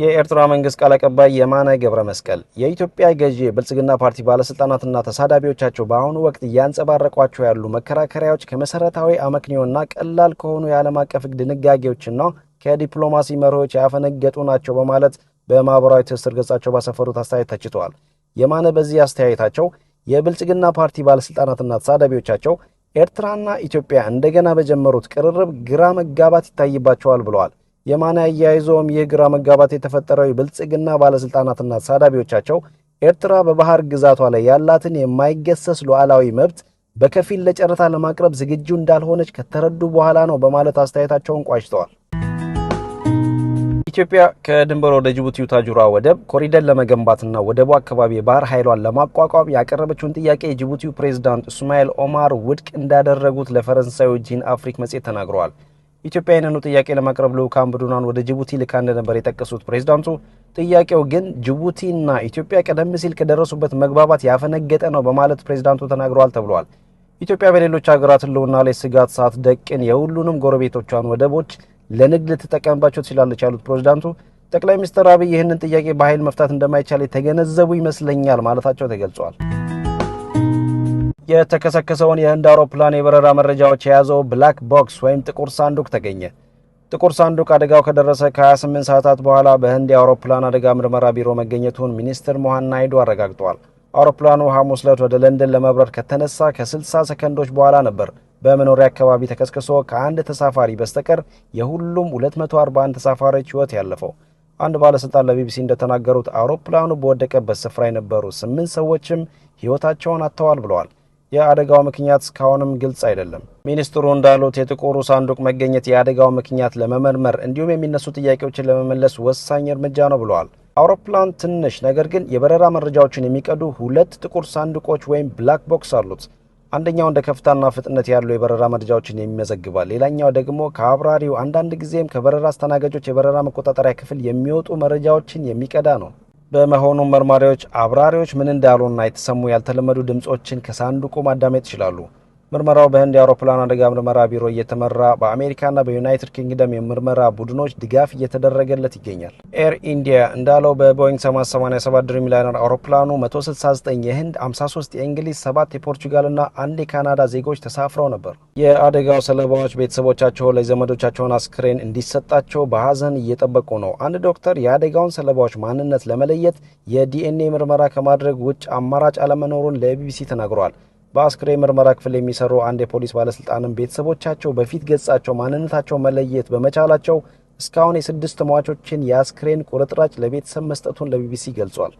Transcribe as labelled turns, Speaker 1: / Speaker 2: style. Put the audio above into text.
Speaker 1: የኤርትራ መንግስት ቃል አቀባይ የማነ ገብረ መስቀል የኢትዮጵያ ገዢ የብልጽግና ፓርቲ ባለስልጣናትና ተሳዳቢዎቻቸው በአሁኑ ወቅት እያንጸባረቋቸው ያሉ መከራከሪያዎች ከመሰረታዊ አመክንዮና ቀላል ከሆኑ የዓለም አቀፍ ድንጋጌዎችና ከዲፕሎማሲ መርሆች ያፈነገጡ ናቸው በማለት በማህበራዊ ትስስር ገጻቸው ባሰፈሩት አስተያየት ተችተዋል። የማነ በዚህ አስተያየታቸው የብልጽግና ፓርቲ ባለስልጣናትና ተሳዳቢዎቻቸው ኤርትራና ኢትዮጵያ እንደገና በጀመሩት ቅርርብ ግራ መጋባት ይታይባቸዋል ብለዋል። የማነ አያይዞም ይህ ግራ መጋባት የተፈጠረው የብልጽግና ባለሥልጣናትና ሳዳቢዎቻቸው ኤርትራ በባህር ግዛቷ ላይ ያላትን የማይገሰስ ሉዓላዊ መብት በከፊል ለጨረታ ለማቅረብ ዝግጁ እንዳልሆነች ከተረዱ በኋላ ነው በማለት አስተያየታቸውን ቋጭተዋል። ኢትዮጵያ ከድንበር ወደ ጅቡቲ ታጁራ ወደብ ኮሪደር ለመገንባትና ወደቡ አካባቢ የባህር ኃይሏን ለማቋቋም ያቀረበችውን ጥያቄ የጅቡቲው ፕሬዝዳንት እስማኤል ኦማር ውድቅ እንዳደረጉት ለፈረንሳዩ ጂን አፍሪክ መጽሔት ተናግረዋል። ኢትዮጵያ ይህንኑ ጥያቄ ለማቅረብ ልዑካን ቡድኗን ወደ ጅቡቲ ልካ እንደነበር የጠቀሱት ፕሬዚዳንቱ ጥያቄው ግን ጅቡቲና ኢትዮጵያ ቀደም ሲል ከደረሱበት መግባባት ያፈነገጠ ነው በማለት ፕሬዚዳንቱ ተናግረዋል ተብሏል። ኢትዮጵያ በሌሎች ሀገራት ህልውና ላይ ስጋት ሳትደቅን የሁሉንም ጎረቤቶቿን ወደቦች ለንግድ ልትጠቀምባቸው ትችላለች ያሉት ፕሬዚዳንቱ ጠቅላይ ሚኒስትር አብይ ይህንን ጥያቄ በኃይል መፍታት እንደማይቻል የተገነዘቡ ይመስለኛል ማለታቸው ተገልጿል። የተከሰከሰውን የህንድ አውሮፕላን የበረራ መረጃዎች የያዘው ብላክ ቦክስ ወይም ጥቁር ሳንዱቅ ተገኘ። ጥቁር ሳንዱቅ አደጋው ከደረሰ ከ28 ሰዓታት በኋላ በህንድ የአውሮፕላን አደጋ ምርመራ ቢሮ መገኘቱን ሚኒስትር ሞሃን ናይዱ አረጋግጠዋል። አውሮፕላኑ ሐሙስ ዕለት ወደ ለንደን ለመብረር ከተነሳ ከ60 ሰከንዶች በኋላ ነበር በመኖሪያ አካባቢ ተከስክሶ ከአንድ ተሳፋሪ በስተቀር የሁሉም 241 ተሳፋሪዎች ሕይወት ያለፈው። አንድ ባለሥልጣን ለቢቢሲ እንደተናገሩት አውሮፕላኑ በወደቀበት ስፍራ የነበሩ ስምንት ሰዎችም ሕይወታቸውን አጥተዋል ብለዋል። የአደጋው ምክንያት እስካሁንም ግልጽ አይደለም። ሚኒስትሩ እንዳሉት የጥቁሩ ሳንዱቅ መገኘት የአደጋው ምክንያት ለመመርመር እንዲሁም የሚነሱ ጥያቄዎችን ለመመለስ ወሳኝ እርምጃ ነው ብለዋል። አውሮፕላን ትንሽ ነገር ግን የበረራ መረጃዎችን የሚቀዱ ሁለት ጥቁር ሳንዱቆች ወይም ብላክ ቦክስ አሉት። አንደኛው እንደ ከፍታና ፍጥነት ያሉ የበረራ መረጃዎችን የሚመዘግባል። ሌላኛው ደግሞ ከአብራሪው አንዳንድ ጊዜም ከበረራ አስተናጋጆች የበረራ መቆጣጠሪያ ክፍል የሚወጡ መረጃዎችን የሚቀዳ ነው። በመሆኑ መርማሪዎች አብራሪዎች ምን እንዳሉና የተሰሙ ያልተለመዱ ድምፆችን ከሳንዱቁ ማዳመጥ ይችላሉ። ምርመራው በህንድ የአውሮፕላን አደጋ ምርመራ ቢሮ እየተመራ በአሜሪካና በዩናይትድ ኪንግደም የምርመራ ቡድኖች ድጋፍ እየተደረገለት ይገኛል። ኤር ኢንዲያ እንዳለው በቦይንግ 787 ድሪምላይነር አውሮፕላኑ 169 የህንድ፣ 53 የእንግሊዝ፣ 7 የፖርቹጋልና አንድ የካናዳ ዜጎች ተሳፍረው ነበር። የአደጋው ሰለባዎች ቤተሰቦቻቸው ለዘመዶቻቸውን አስክሬን እንዲሰጣቸው በሀዘን እየጠበቁ ነው። አንድ ዶክተር የአደጋውን ሰለባዎች ማንነት ለመለየት የዲኤንኤ ምርመራ ከማድረግ ውጭ አማራጭ አለመኖሩን ለቢቢሲ ተናግሯል በአስክሬን ምርመራ ክፍል የሚሰሩ አንድ የፖሊስ ባለስልጣንም ቤተሰቦቻቸው በፊት ገጻቸው ማንነታቸው መለየት በመቻላቸው እስካሁን የስድስት ሟቾችን የአስክሬን ቁርጥራጭ ለቤተሰብ መስጠቱን ለቢቢሲ ገልጿል።